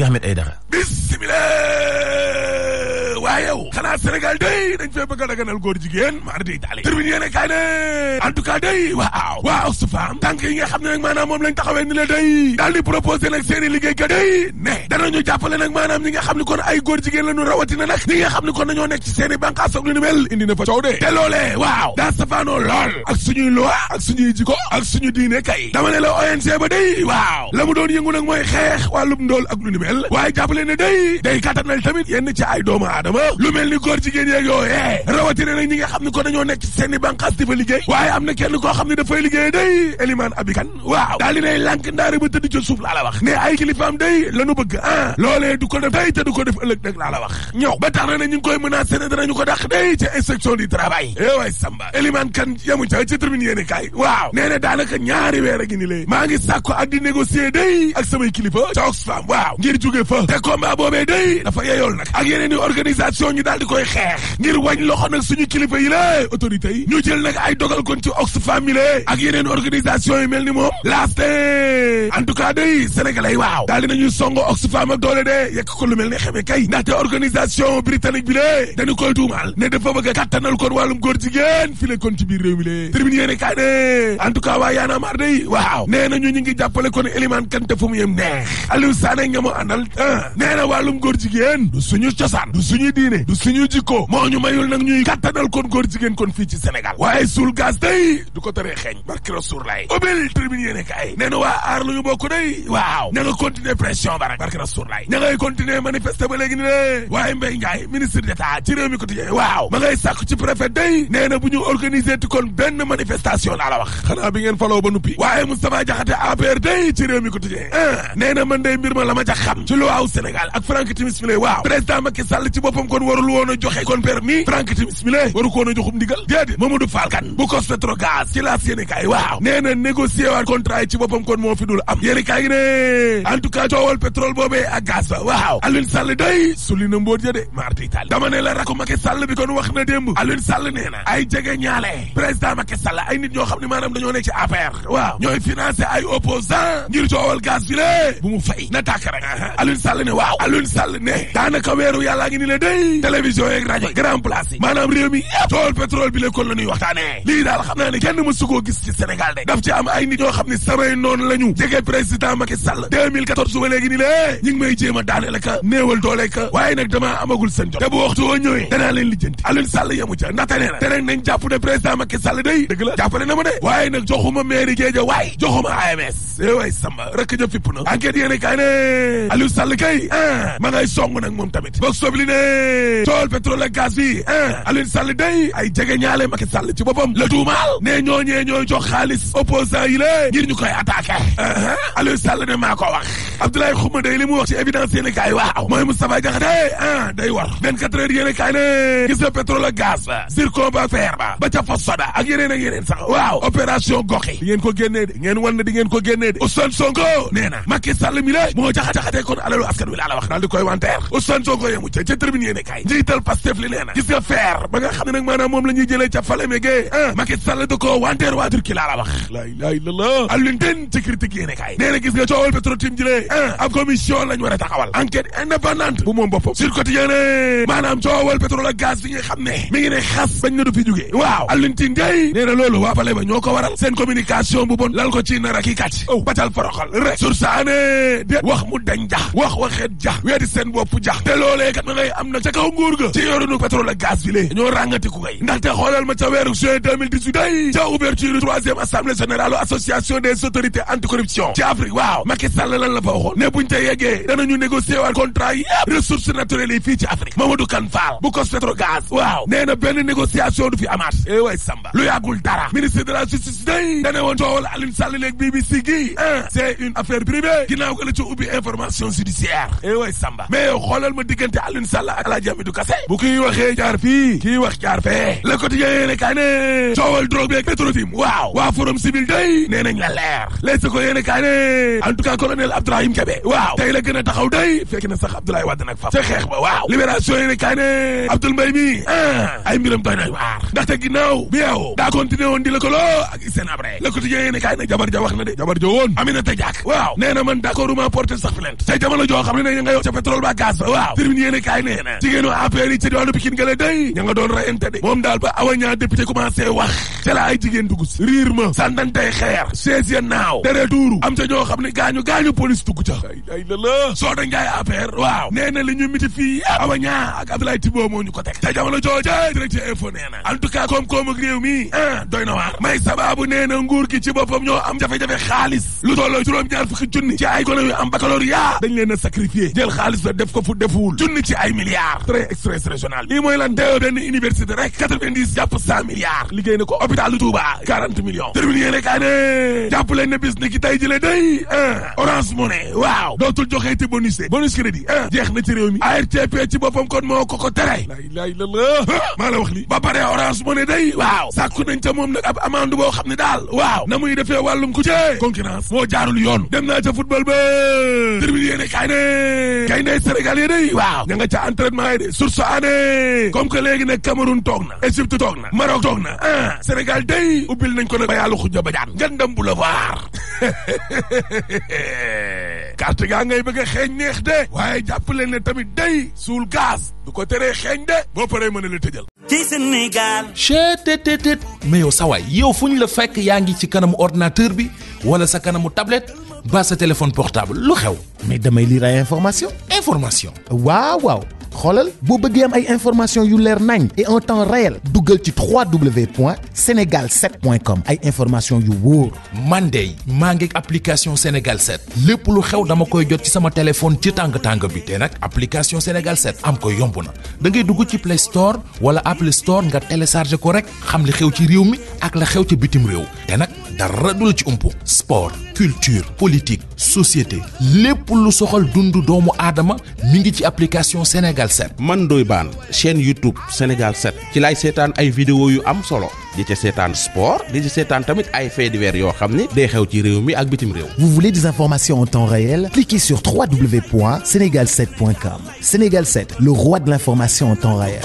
Cheikh Ahmed Aidara bismillah waaye yow xanaa Sénégal day dañ fee bëgg a daganal góor jigéen maar di daali termine yéene kaay ne en day waaw waaw su faam tànk yi nga xam ne nag maanaam moom lañ taxawee ni la day i liggéeykat day ne i bànqaas ak lu la ONG ba day waaw la mu doon yëngu nag mooy xeex wàllum ndool ak lu ni mel waaye jàppale ne day day kattanal tamit yenn ci ay doomu aadama lu mel ni góor jigéen yeeg yooyee rawatina nag ñi nga xam ne ko dañoo nekk seen i bànqaas fa liggéey waaye am na kenn koo xam ne dafay liggéey day Eliman Abikan waaw daal di nay lànk ndaare ba tëdd ca suuf laa la wax ne ay kilifaam day lanu bëgg ah loolee du ko def day te du ko def ëllëg nag laa la wax ñëw ba tax na ne ñu ngi koy menacé ne danañu ko dàq day ca inspection du travail eh waay Samba Eliman kan yamu ca ci tribune yéene kaay waaw nee na daanaka ñaari a ngi ni lee maa ngi sàkko ak di négocier day ak samay kilifa ca Oxfam waaw ngir jóge fa te libération ñu daal di koy xeex ngir wàñ loxo nag suñu kilifa yi la autorité yi ñu jël nag ay dogal kon ci Oxfam yi la ak yeneen organisation yi mel ni moom laaste en tout cas day sénégalais waaw daal dinañuy songo Oxfam ak doole de yekk ko lu mel ne xamee kay ndaxte organisation britannique bi la dañu koy tuumaal ne dafa bëgg a kàttanal kon wàllum góor jigéen fi la kon ci biir réew mi la tribune yéene de en tout ca waa a mar day waaw nee nañu ñu ngi jàppale kon Eliman Kanté fu mu yem neex Aliou Sané jigéen suñu cosaan diine du suñu jikko moo ñu mayul nag ñuy kàttanal kon góor jigéen kon fii ci Sénégal waaye suul gaz day du ko tere xeeñ barki rasuul lay ubbil tribune yéene nee na waa aar lu ñu bokk day waaw ña nga continuer pression ba rek barki lay ña ngay continuer ba léegi ni ne waaye Mbaye Ndiaye ministre d'État ci réew mi quotidien waaw ma ngay sàkku ci préfet day nee na bu ñu organiser ti kon benn manifestation laa la wax xanaa bi ngeen faloo ba nuppi kon warul woon a joxe kon permis Frank Timis mi lay waru ko woon a joxum ndigal déedéet Mamadou Fall kan bu cos pétrogaz ci la Sénégal waaw nee na négocier waat contrat ci boppam kon moo fi dul am yéeni kaay gi ne en tout cas coowal pétrole boobee a gaz ba waaw Alioune Sall day ay jege ñaale président Macky Sall ay nit ñoo xam ne maanaam dañoo nekk ci APR waaw ñooy financé ay opposant ngir coowal gaz bi lé bu mu fay na tàkk rek Alioune Sall ne waaw Alioune télévision yeeg rajo grand place yi maanaam réew mi yëpp tool pétrole bi la kon la ñuy lii daal xam naa kenn mësu koo gis ci Sénégal de daf ci am ay nit ñoo xam ne samay noonu la ñu jege président Macky Sall 2014 ba léegi nii lée ñu ngi may jéem a daaneel ka doole ka waaye nag damaa amagul seen jot te bu waxtu woo ñëwee danaa leen lijjanti Aliou na te nag nañ jàpp ne président Macky Sall na ma de waaye nag joxuma mairie Géeja waaye ja tool pétrole ak gaz bi ah Alioune Sall day ay jege ñaale Macky Sall ci boppam la tuumaal ne ñooñee ñooy jox xaalis opposant yi la ngir ñu koy attaqué eh, Alioune Sall ne maa ko wax Abdoulaye Khouma day mu wax ci évidence yéen kaay waaw mooy Moustapha Diakhaté ah day war 24 heures yéen kaay ne gis na pétrole ak ba zircon ba ba ca Fossoda ak yeneen sax waaw opération gox di ngeen ko génnee de ngeen wan di ngeen ko génnee de Ousmane Sonko nee na Macky yéenekaay njiital Pastef li nee gis nga feer ba nga xam ne nag maanaam moom la ñuy jëlee ca fale mege ah Macky Sall da koo wanteer waa Turquie wax laa ilaaha illallaah Alioune Tine ci critique yéenekaay nee na gis nga coowal Petro-Tim jëlee ah ab commission lañ war a taxawal enquête indépendante bu moom boppam sur quotidien ne maanaam coowal pétrole ak gaz bi xam ne mi ngi ne xas bañ na fi jugee waaw Alioune Tine day nee na fale ba ñoo waral seen communication bu a ca kaw ga ci yorinu pétrole ak gaz bi lée ñoo ràngati ku ngay ndaxte xoolal ma ca weeru juin 2018 day ca ouverture troisième assemblée générale association des autorités anticorruption ci Afrique waaw Macky Sall lan la fa waxoon ne buñ ca yeggee danañu négocier waat contrat yëpp ressources naturelles yi fii ci Afrique Mamadou Kane Fall bu cos pétrogaz waaw nee na benn négociation du fi amaat eh waay Samba lu yàggul dara ministre de la justice day dane woon laajam du bu kii waxee jaar fii kii wax jaar fee le quotidien yéene kaay ne coowal drogue beeg Petrotim waaw waa forum civil day nee nañ la leer les ko yéene kaay ne en tout cas colonel Abdourahim waaw tey la gën a taxaw day fekk na ah, ay mbiram doy na waar ndaxte ginnaaw bi yow daa continué woon di lëkkaloo ak Hissène Habré le quotidien yéene jabar ja na de jabar ja woon Aminata Diack waaw na man d'accorduma porter sax plainte te jamono joo xam ne ne ngay ca pétrole ba gaz ba jigéenu APR yi ci diwaanu Pikine nga la day ña nga doon rayante de moom daal ba awa ñaa député commencé wax ca jigéen dugg riir ma sànnantey xeer chaise ya naaw dere tuuru am ca ñoo xam ne gaañu gaañu police dugg ca ay ay la la soo da njaay APR waaw nee na li ñu ñu ko te jamono jooja direct info nee na en tout cas koom-koom ak mi ah, doy na waar may sababu nee nguur gi ci boppam ñoo am jafe-jafe xaalis lu tolloo juróom-ñaar fukki junni ci ay gone am baccalauréat dañ leen a sacrifié jël xaalis la def ko fu defuwul junni ci milliards train express régional bi lii mooy lan teew benn université rek quatre-vingt-dix jàpp cent milliards liggéey na ko hôpital du Touba quarante millions termine yéene kaa leen ne bis ni ki day a Orange waaw dootul joxee bonus bonus crédit a jeex na ci réew mi ARTP ci boppam kon moo ko tere la ilaha illallah maa la wax li ba pare Orange day waaw sàkku nañ ca moom nag ab amende boo xam ne daal waaw na muy defee wàllum ku ci concurrence moo jaarul yoon dem naa gaynde gaynde Sénégal yi day waaw ña nga ca entraînement yi de source ané comme que léegi nag Cameroun toog na Égypte toog na Maroc toog na ah Sénégal day nañ ko nag ba yàlla xujja ba jaan ngandam boulevard carte ngay bëgg a neex de waaye jàpp leen ne tamit day suul gas du ko teree xeeñ de boo paree mën a la tëjal ci Sénégal chetttt mais yow sawaay yow fu la fekk yaa ngi ci kanamu ordinateur bi wala sa kanamu tablette ba sa téléphone portable lu xew. mais damay lire ay information information waaw waaw xoolal boo bëggee am ay information yu leer nañ et en temps réel duggal ci www.senegal7.com ay information yu wóor man de maa ngi application Sénégal 7 lépp lu xew dama koy jot ci sama téléphone ci tàng tàng bi te nag application Sénégal 7 am ko yomb na da ngay dugg ci Play Store wala Apple Store nga télécharge ko rek xam li xew ci réew mi ak la xew ci bitim réew dara du la ci umpu sport culture politique société lépp lu soxal dundu doomu aadama mi ngi ci application Sénégal 7 man doy baan chaîne YouTube Sénégal 7 ci laay seetaan ay vidéo yu am solo di ca seetaan sport di ca seetaan tamit ay faits divers yoo xam ne day xew ci réew mi ak bitim réew. Vous voulez des informations en temps réel? Cliquez sur www.senegal7.com Sénégal 7, le roi de l'information en temps réel.